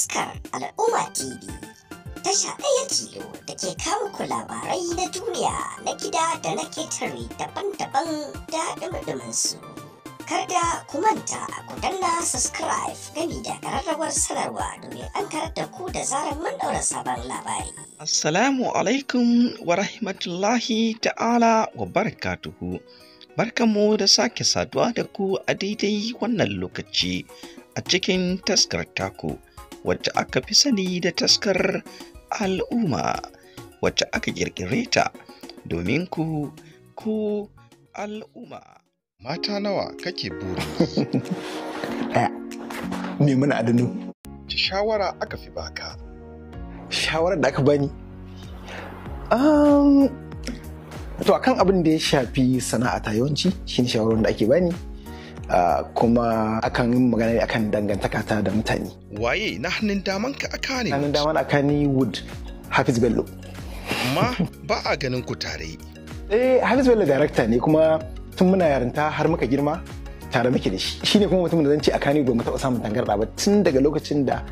taskar al'umma tv tasha ɗaya tilo da ke kawo ku labarai na duniya na gida da na ketare daban-daban da ɗumɗumin su kada ku manta ku danna subscribe gami da ƙararrawar sanarwa domin an karar da ku da zarar mun ɗaura sabon labari assalamu alaikum wa rahmatullahi ta'ala wa barakatuhu barkanmu da sake saduwa da ku a daidai wannan lokaci a cikin taskar taku wacce aka fi sani da taskar al'umma wacce aka ƙirƙire ta domin ku ku al'umma. Mata nawa kake buri? Ɗaya. Me muna adinu Ci shawara aka fi baka. Shawara da aka bani? to akan abin da ya shafi sana'ata yawanci shine shawarar da ake bani. Ah, kuma akan yi magana ne akan dangantaka ta da mutane waye na hannun daman ka aka ne hannun daman aka ne wood hafiz bello amma ba a ganin ku tare eh hafiz bello director ne kuma tun muna yarinta har muka girma tare muke da shi shine kuma mutumin da zan ce a kani ba mu taɓa samun tangarɗa ba tun daga lokacin da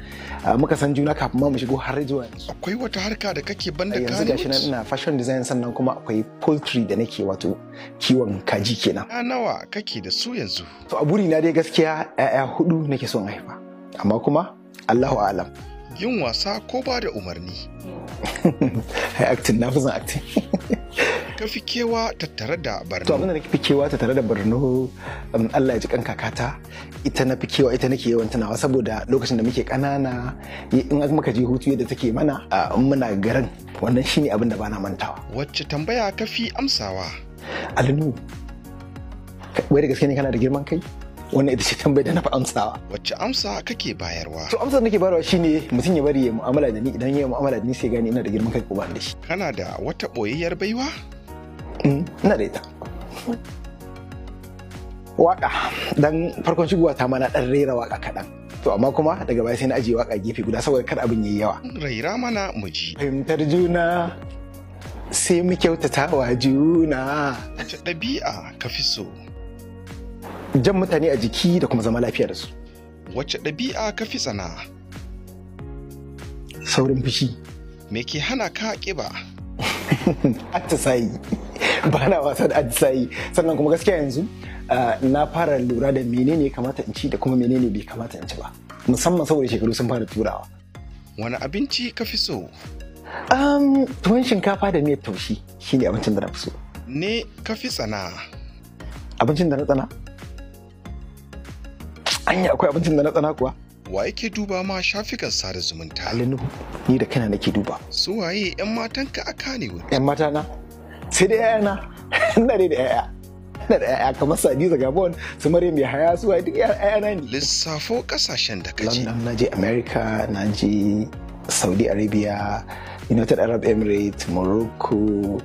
ah, muka san juna kafin ma mu shigo har zuwa yanzu akwai wata harka da kake banda kani yanzu gashi nan ina fashion design sannan kuma akwai poultry da nake wato kiwon kaji kenan a nawa kake da su yanzu to a buri na dai gaskiya ya'ya hudu nake son haifa amma kuma Allahu a'lam yin wasa ko ba da umarni acting na fi son acting ka fi kewa tattare da barno. To abinda na fi kewa tattare da barno um, Allah ya ji kan kakata ita na fi kewa ita nake yawan tunawa saboda lokacin da muke kanana in muka je hutu yadda take mana in muna garin wannan shine abin da bana mantawa. Wacce tambaya ka fi amsawa? Alinu wai da gaske ne kana da girman kai? wannan ita ce tambayar da na fi amsawa. Wacce amsa kake bayarwa? To amsar nake bayarwa shine mutum ya bari ya mu'amala da ni idan ya mu'amala da ni sai gane ina da girman kai ko ba da shi. Kana da wata boyayyar baiwa? Mm, na da waka dan farkon shigowa ta mana dan rera waka kaɗan to amma kuma daga baya sai na ajiye waka gefe guda saboda kar abin yayi yawa raira mana mu ji fahimtar juna sai mu kyautata wa juna ta ɗabi'a ka fi so jan mutane a jiki da kuma zama lafiya da su Wacce ɗabi'a ka fi tsana saurin fushi me ke hana ka ƙiba atisayi ba na wasa da sannan kuma gaskiya yanzu ah, na fara lura da menene ya kamata in ci da kuma menene bai kamata in ci ba musamman saboda shekaru sun fara turawa wani abinci ka fi so tuwon shinkafa da miyar taushi shine abincin da na fi so ne ka fi tsana abincin da na tsana anya akwai abincin da na tsana kuwa wa yake duba ma shafikan sada zumunta alinu ni da kana nake duba su waye yan matanka ne wa yan mata na sai dai yana ina dai da yaya ina da yaya kamar da gabon su mare mai haya suwa duk na ne lissafo kasashen da kaji london na je america na je saudi arabia united arab emirates morocco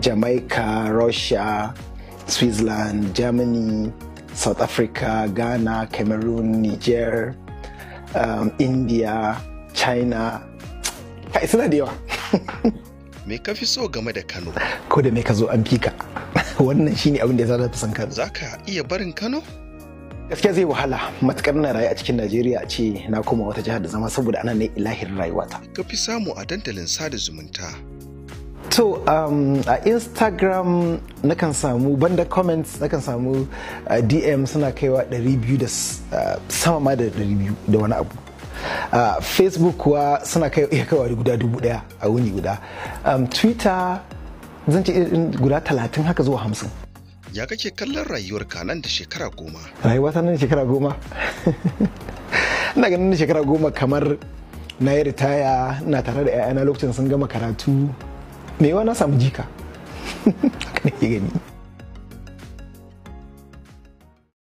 jamaica russia switzerland germany south africa ghana cameroon niger um, india china kai suna da yawa me ka fi so game da Kano? Ko da me ka zo an fi ka. Wannan shine abin da ya zata san Kano. Zaka iya barin Kano? Gaskiya zai wahala matukar na rayu a cikin Najeriya a ce na koma wata jihar da zama saboda ana ne ilahirin rayuwata. Ka fi samu a dandalin sada zumunta. To um, a Instagram na kan samu banda comments na kan samu uh, DM suna kaiwa 200 da uh, sama ma da 200 da wani abu. uh, facebook kuwa suna kai iya kaiwa guda dubu daya a wuni guda um, twitter zan ce guda talatin haka zuwa hamsin ya kake kallon rayuwarka nan da shekara goma rayuwata nan da shekara goma ina ganin da shekara goma kamar na yi ritaya na tare da 'ya'yana lokacin sun gama karatu me na samu jika haka ne gani